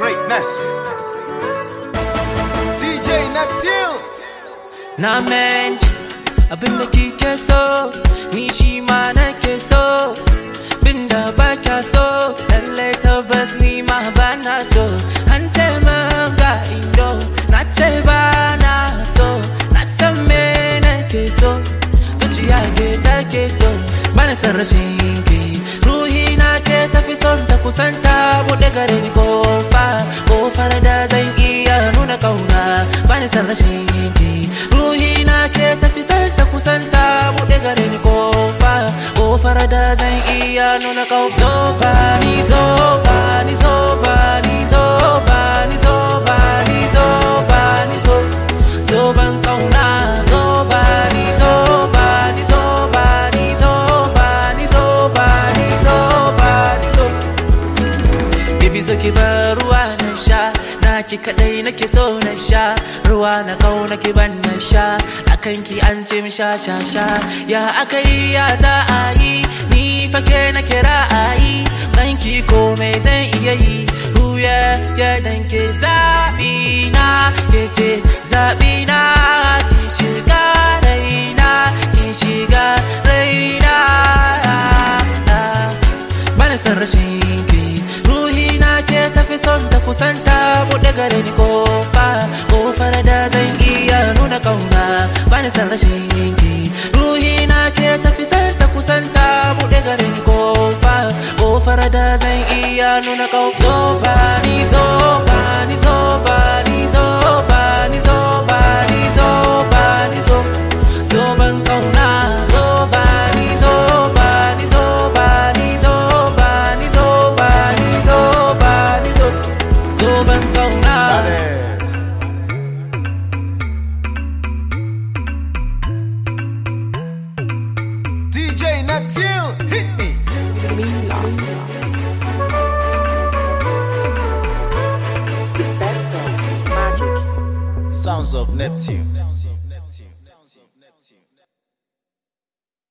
Greatness. DJ Natil. Na mensch, abin kike so, ni shi ma nake so. Bin da baka so, lalle tabbas ni ma bana so. An ce indo, na so. Na san me nake so, zuciya ke take so, bana san ta son ta kusanta buɗe garin kofa kofar da zan iya nuna kauna bani san rashin ki ruhi na ke ta son ta kusanta buɗe garin kofa kofar da zan iya nuna kauna so ni so so ki ba ruwa na sha na ki kadai nake so na sha ruwa na na ki ban na sha akan ki an ce sha sha sha ya akai ya za a yi ni fake na kira a yi ko komai zan iya yi huya ya danke zabi na ke ce zabi fi son ta kusanta buɗe gare ni kofa kofar da zan iya nuna kauna bani san rashin ruhi na ke tafi san ta kusanta buɗe gare ni kofa kofar da zan iya nuna kauna so ba so ba DJ Neptune, hit me. The best of magic. Sounds of Neptune.